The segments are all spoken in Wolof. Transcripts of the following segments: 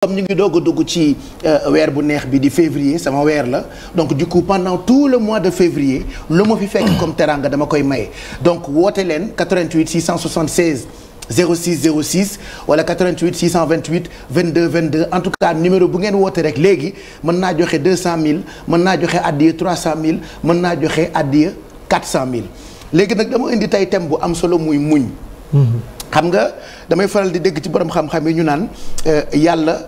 comme ñu ngi doog a dugg ci euh, weer bu neex bi di février sama weer la donc du coup pendant tout le mois de février lu ma fi fekk comme teranga dama koy maye donc woote leen 88 676 06 06 wala 88 628 22 22 en tout cas numéro bu ngeen woote rek léegi mën naa joxe 200000 mën naa joxe addiya 300000 mën naa joxe addiya 400000 léegi nag dama indi tey thème bu am solo muy muñ. Mm-hmm. xam nga damay faral di dégg ci borom xam-xam yi ñu naan euh, yàlla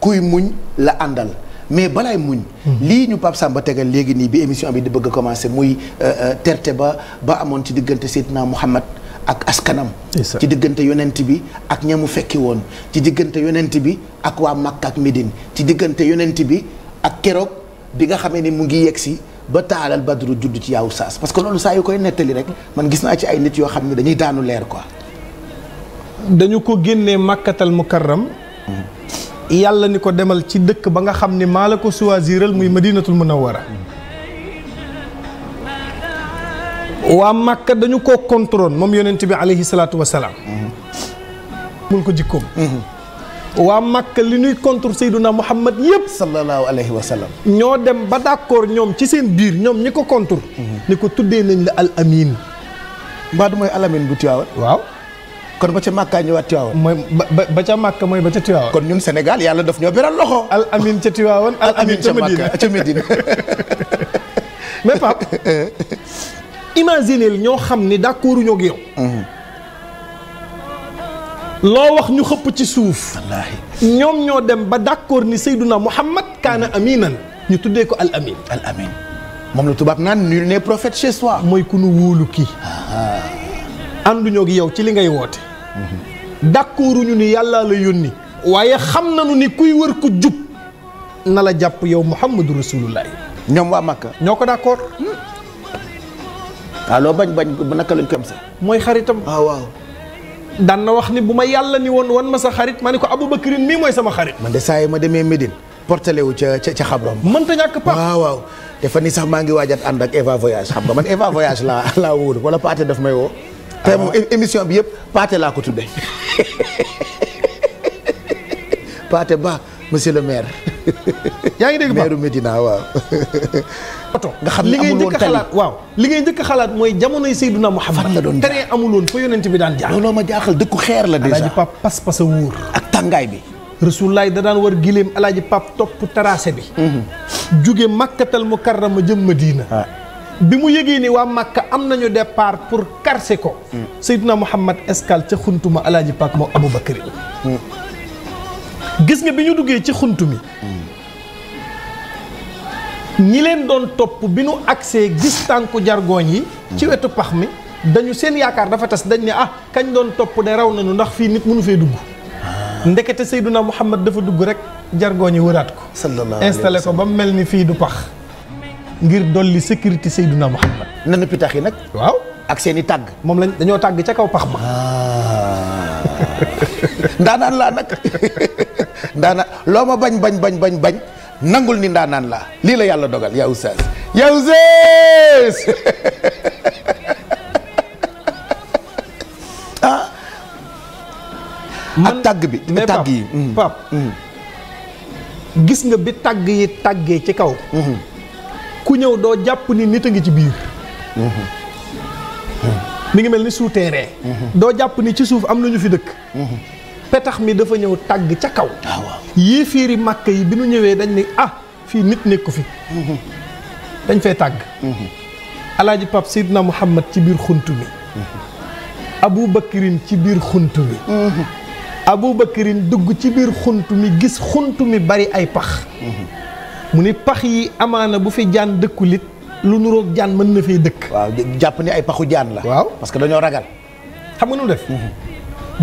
kuy muñ la àndal mais balaay muñ. Hmm. lii ñu Pape Samba tegal léegi nii bi émission bi di bëgg a commencé muy euh, euh, terte ba ba amoon ci diggante Seydina Muhammad ak askanam ci diggante yonent bi ak ñamu fekki woon ci diggante yonent bi ak waa Makka ak Médine ci diggante yonent bi ak keroog bi nga xamee ni mu ngi yegg si ba taalal badru judd ci yaawu saas parce que loolu saa yu koy nettali rek man gis naa ci ay nit yoo xam ne dañuy daanu leer quoi dañu ko génnee màkkatal mukarram yàlla ni ko demal ci dëkk ba nga xam ni maa la ko choisiral muy madinatul munawwara waa màkka dañu ko contrôle moom yonent bi alayhi salaatu wasalaam mul ko jikkoom waa màkka li ñuy contre sayduna muhammad yëpp sallallahu alayhi wa sallam ñoo dem ba d'accord ñoom ci seen biir ñoom ñi ko contre ni ko tuddee nañ la al amin mbaa du mooy al amin bu waaw kon ba ca Màkka ñëwaat Tiwaawan. mooy ba ba ca Màkka mooy ba ca Tiwaawan. kon ñun Sénégal yàlla daf ñoo beral loxo. al amin ca Tiwaawan al amin ca Medina ca Medina. mais ñoo xam ni d'accord ñoo yow. Mhm. loo wax ñu xëpp ci suuf. ñoom ñoo dem ba d'accord ni Seydouna Muhammad kaana aminan ñu tuddee ko al amin. al amin moom la tubaab naan nul n'est prophète chez soi. mooy ku nu wóolu kii. Ah. ànduñoo gi yow ci li ngay woote. d'accorduñu ni yàllaa la yónni waaye xam nañu ni kuy wër ku jub na la jàpp yow muhammadu rasulullahi ñoom waa Makka ñoo ko d'accord waaw ah, loo bañ bañ naka lañ ko am sax mooy xaritam ah waaw daan na wax ni bu ma yàlla ni woon wan ma sa xarit ma ni ko Aboubacrine mii mooy sama xarit man de saa ma demee Médine portale wu ca ca ca xabram mënta ñàkk pa waaw waaw dafa ni sax maa ngi waajat ànd ak Eva Voyage xam nga man Eva Voyage laa laa wóolu wala paate daf may woo tey moom émission bi yëpp paate laa ko tuddee Pathé Ba monsieur le maire. yaa ngi dégg ba maire Medina waaw. oto nga xam ne amul woon xalaat waaw li ngay njëkk xalaat mooy jamonoy Seydina Muhammad la doon tere amul woon fa yonent bi daan jaar. looloo ma jaaxal dëkku xeer la déjà. alaaji Pape pas pas a wóor. ak tàngaay bi. Rasulullah da daan war gileem alaaji Pape topp tracé bi. Mhm. jóge Makkatal Mukarrama jëm diina ah. bi mu yëgee ni waa makk am nañu départ pour karse ko mm. Seydina Muhammad escale ca xuntuma alaaji Paak moom Aboubakar mm. gis nga bi ñu duggee ci xunt mi ñi leen doon topp bi ñu agsee gis tànku jargooñ yi ci mm. wetu pax mi dañu seen yaakaar dafa tas dañ ne ah kañ doon topp de raw nañu ndax fii nit mënu fee dugg ah. ndekete Seydina Muhammad dafa dugg rek jargooñ yi wëraat ko installé ko ba mu mel ni fii du pax ngir dolli sécurité Seydina Muhammad nanu pitax yi nag. waaw ak seeni tàgg. moom lañ dañoo tàgg ca kaw pax ba. Ah. ndaanaan laa nag ndaanaan loo ma bañ bañ bañ bañ bañ nangul ni ndaanaan laa lii la yàlla dogal yaa oustaz yaa ah. ak tàgg bi tàgg yi. Mm. Pape mm. gis nga bi tàgg yi tàggee ci kaw. Mm-hmm. ku ñëw doo jàpp ni nit a ngi ci biir. mi ngi mel ni souterrain. doo jàpp ni ci suuf am na ñu fi dëkk. petax mi dafa ñëw tàgg ca kaw. Ah, yéeféeri màkk yi bi nu ñëwee dañ ne ah fii nit nekku fi. dañ fay tàgg. alaaji Pape Seydina Muhammad ci biir xunt mi. Abu Bakrin ci biir xunt mi. Abu dugg ci biir xunt mi gis xunt mi bari ay pax. mu ni pax yi amaana bu fi jaan dëkkulit lu nuroog jaan mën na fee dëkk. jàpp ni ay paxu jaan la. waaw parce que dañoo ragal. xam nga nu def. Mhm.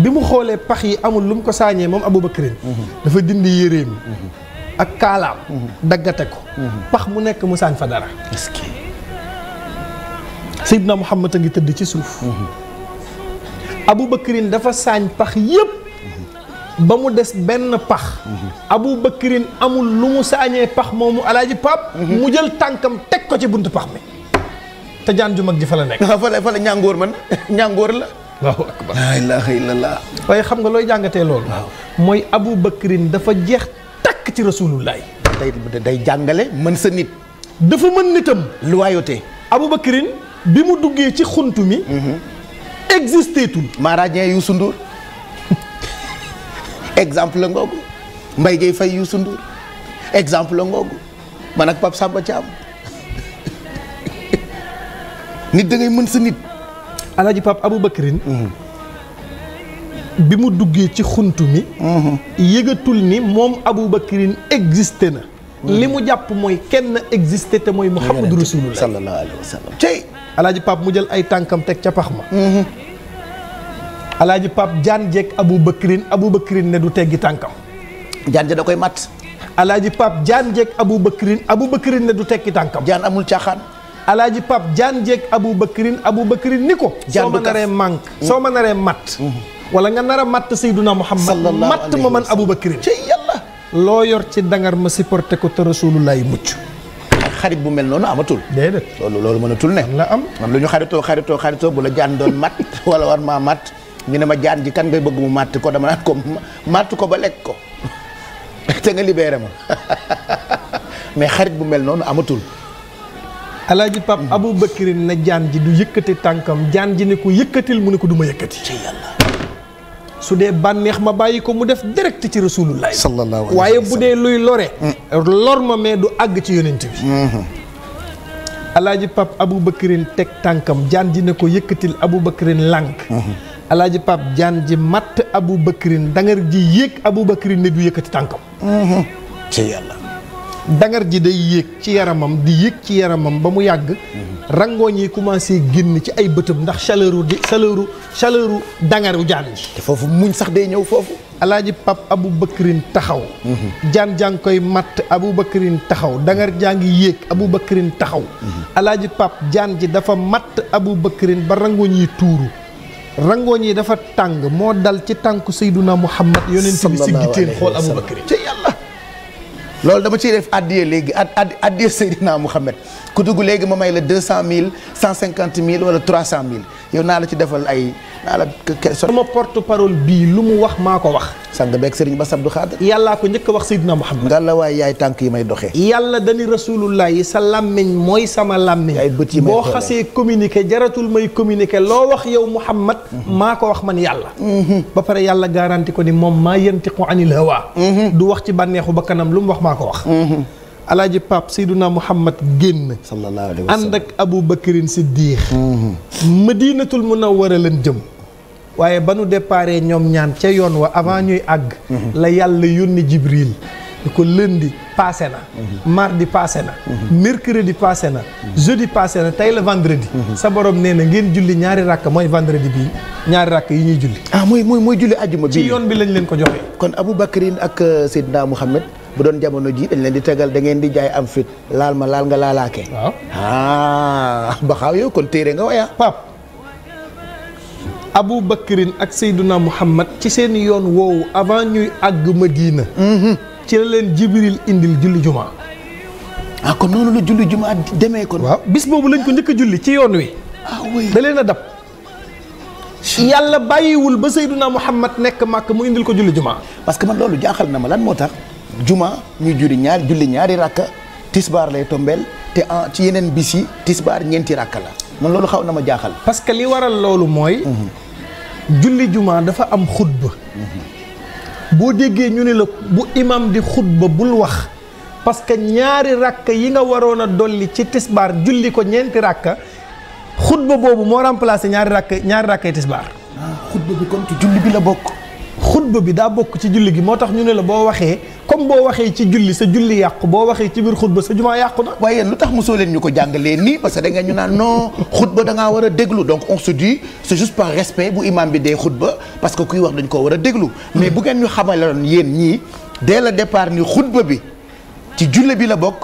bi mu xoolee pax yi amul lu mu ko saañee moom Aboubacrine. Mhm. dafa dindi yéreem. Mhm. ak kaalaam. daggate ko. pax mu nekk mu saañ fa dara. est-ce que. Seydina Muhammad a ngi tëdd ci suuf. Aboubacrine dafa saañ pax yépp ba mu des benn pax abu bakrin amul lu mu saañee pax moomu alaaji pap mu jël tànkam teg ko ci buntu pax mi te jaan ju mag ji fa la nekk fa la fa la ñàngoor man ñàngoor la xëy akbar laa waaye xam nga looy jàngatee loolu mooy abu bakrin dafa jeex takk ci rasulullahi day day jàngale man sa nit dafa mën nitam loyauté abu bakrin bi mu duggee ci xunt mi mhm. existeetul maa ràññee Youssou Ndour exemple la ngoogu Mbaye Gueye Faye Youssou Ndour exemple la ngoogu man ak Pape Samba Thiam nit da mën sa nit alaaji abu Aboubacrine mhm. bi mu duggee ci xuntu mi mhm. yëgatul ni moom Aboubacrine existe na mhm. li mu jàpp mooy kenn existé te mooy Muhammadu xam sallallahu alayhi wa sallam cey alaaji Pape mu jël ay tànkam teg ca pax ma alaaji Pape Jaan Jeeg abu Aboubacrine ne du teggi tànkam. Jaan ja da koy matt. alaaji Pape Jaan Jeeg Aboubacrine Aboubacrine ne du teggi tànkam. Jaan amul caaxaan. alaaji Pape Jaan Jeeg Aboubacrine Aboubacrine ni ko. Jaan du soo ma naree mank mm-hmm. soo ma naree matt. Mm-hmm. wala nga nar a matt Seyduna Muhammad matt ma man abu ci loo yor ci dangar ma supporté ko te Rasulullah mucc. xarit bu mel noonu amatul. déedéet loolu loolu mënatul ne. la am man lu ñu xaritoo xaritoo xaritoo bu la jaan doon matt wala war maa matt. ñu ne ma jaan ji kan ngay bëgg mu màtt ko dama naan ko màtt ko ba lekk ko te nga libéré ma mais xarit bu mel noonu amatul. alaaji pap mm. abou bakrin na jaan ji du yëkkati tànkam jaan ji ne ko yëkkatil mu ne ko du ma su dee bànneex ma bàyyi ko mu def direct ci rasulullah sallallahu alayhi waaye bu dee luy lore mm. lor du àgg ci yonent bi mm-hmm. alaaji pap abou teg tànkam jaan ji ne ko yëkkatil abou bakrin lànk mm-hmm. alaaji Pape jaan ji matt abu bakrin dangar ji yéeg abu bakrin ne du yëkkati tànkam mhm. dangar ji day yéeg ci yaramam di yéeg ci yaramam ba mu yàgg mhm. rangooñ yi commencé génn ci ay bëtëb ndax chaleur di chaleur chaleur dangaru jaan ji te foofu muñ sax day ñëw foofu alaaji Pape abou bakrin taxaw mhm. jaan jaa koy matt abou bakrin taxaw dangar jaa ngi yéeg abou bakrin taxaw alaaji Pape jaan ji dafa matt abu bakrin ba rangooñ yi tuuru rangooñ yi dafa tàng moo dal ci tànku Seyduna Muhammad yonent bi si gitteen xool Abubakar ca loolu dama ciy def addiye léegi ad ad addiye Seydina Mouhamed ku dugg léegi ma may la deux cent mille cent cinquante mille wala trois cent mille yow naa la ci defal ay naa la. sama porte parole bii lu mu wax maa ko wax. sang beeg Serigne Bass Abdou Khadre. yàllaa ko njëkk a wax Seydina Mouhamed. ngalla waay yaay tànk yi may doxee. yàlla dani rasulullah yi sa làmmiñ mooy sama làmmiñ. ay bët yi may boo xasee communiqué jaratul may communiqué loo wax yow Mouhamed. Mhm. maa ko wax man yàlla. Mhm. ba pare yàlla garanti ko ni moom maa yantiqu anil hawa. Mhm. du wax ci maa ko wax. alaaji Pape Seyduna Muhammad génn. sallallahu alayhi wa sallam ànd ak Abu Bakrin Siddiq. Mhm. madinatul munawwara leen jëm. waaye ba nu déparé ñoom ñaan ca yoon wa avant ñuy àgg. Mhm. la yàlla yónni Jibril. di ko lundi passé na. Mhm. mardi passé na. di passé na. jeudi passé na tey la vendredi. sa borom nee na ngeen julli ñaari rakk mooy vendredi bii ñaari rakk yi ñuy julli. ah mooy mooy mooy julli àjjuma bi ci yoon bi lañ leen ko joxee. kon Abu Bakrin ak euh, bu doon jamono ji dañ leen di tegal da ngeen di jaay am fit laal ma laal nga laalaake. waaw ah baxaaw yow kon téere nga waya ah, pap Abu Bakrin ak Seyduna Muhammad ci seen yoon woowu avant ñuy àgg Madina. Mhm. ci la leen Jibril indil julli juma. Ah, kon noonu la julli juma demee kon. waaw bis boobu lañ ko njëkk a julli ci yoon wi. ah oui da leen a dab. yàlla bàyyiwul ba Seyduna Muhammad nekk màkk mu indil ko julli juma. parce que man loolu jaaxal na ma lan moo tax. juma ñu juri ñaar julli ñaari rakka tisbaar lay tombeel te en ci yeneen bis yi tisbaar ñeenti rakka la man loolu xaw na ma jaaxal. parce que li waral loolu mooy. Mhm. julli juma dafa am xutba. Mhm. boo déggee ñu ne la bu imam di xutba bul wax. parce que ñaari rakk yi nga waroon a dolli ci tisbaar julli ko ñeenti rakk xutba boobu moo remplacé ñaari rakk ñaari rakk yi tisbaar. Ah, xutba bi comme ci julli bi la bokk. xutba bi daa bokk ci julli gi moo tax ñu ne la boo waxee comme boo waxee ci julli sa julli yàqu boo waxee ci biir xutba sa jumaa yàqu na waaye lu tax mosoo leen ñu ko jàngalee nii parce que da nga ñu naan non xutba da ngaa war a déglu donc on se dit c'est juste par respect bu imam bi dee xutba parce que kuy wax dañ koo war a déglu mais bu ngeen ñu xamaloon yéen ñii dès le départ ni xutba bi ci julli bi la bokk